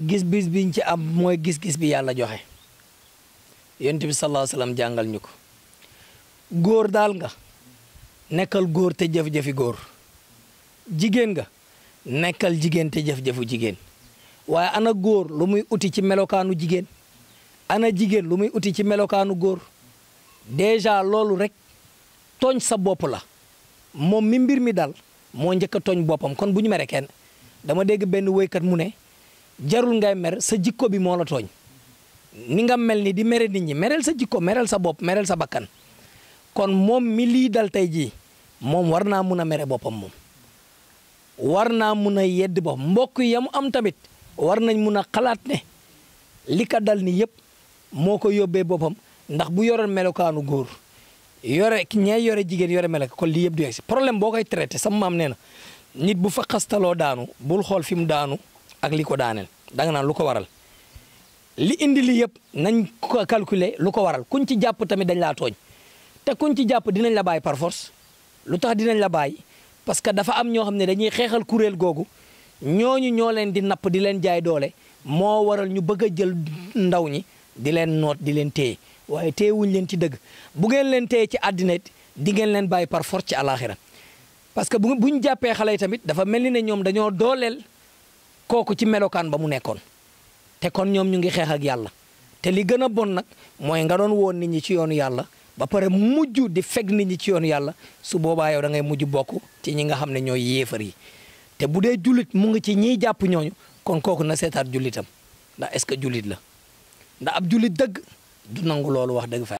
gis-gis biñ ci am mooy gis-gis bi yàlla joxe yonent bi sallallahu jàngal ñu ko góor daal nga nekkal góor te jëf-jëfi góor jigéen nga nekkal jigéen te jëf-jëfu jigéen waaye ana góor lu muy uti ci melokaanu jigéen ana jigéen lu muy uti ci melokaanu góor déjà loolu rek toñ sa bopp la moom mi mbir mi dal moo njëkk a tooñ boppam kon bu ñu mere kenn dama dégg benn woykat mu ne jarul ngay mer sa jikko bi moo la tooñ ni nga mel ni di mere nit ñi mereel sa jikko mereel sa bopp mereel sa bakkan kon moom mi lii dal tey jii moom war naa mun a mere boppam moom war naa mun a yedd bopp mbokk yi mu am tamit war nañ mun a xalaat ne li ka dal ni yëpp moo ko yóbbee boppam ndax bu yoroon melokaanu góor yore ñay yore jigéen yore melok kon lii yëpp du yegg si problème boo koy traité sama maam nee na nit bu fa xastaloo daanu bul xool fi mu daanu ak li ko daaneel danga naan lu ko waral li indi li yëpp nañ ko calculer lu ko waral kuñ ci jàpp tamit dañ laa tooñ te kuñ ci jàpp dinañ la bàyyi par force lu tax dinañ la bàyyi parce que dafa am ñoo xam ne dañuy xeexal kuréel googu ñooñu ñoo leen di napp di leen jaay doole moo waral ñu bëgg a jël ndaw ñi di leen noot di leen téye waaye téyewuñ leen ci dëgg bu ngeen leen téye ci àddina di ngeen leen bàyyi par force ci àllaaxira parce que bu buñ jàppee xale tamit dafa mel ni ne ñoom dañoo dooleel kooku ci melokaan ba mu nekkoon te kon ñoom ñu ngi xeex ak yàlla te li gën a bon nag mooy nga doon woon nit ñi ci yoonu yàlla ba pare mujj di fekk nit ñi ci yoon yàlla su boobaa yow da ngay mujj bokk ci ñi nga xam ne ñoo yéefar yi te bu dee jullit mu ngi ci ñiy jàpp ñooñu kon kooku na seetaat jullitam ndax est-ce que jullit la ndax ab julit dëgg du nangu loolu wax dëgg fa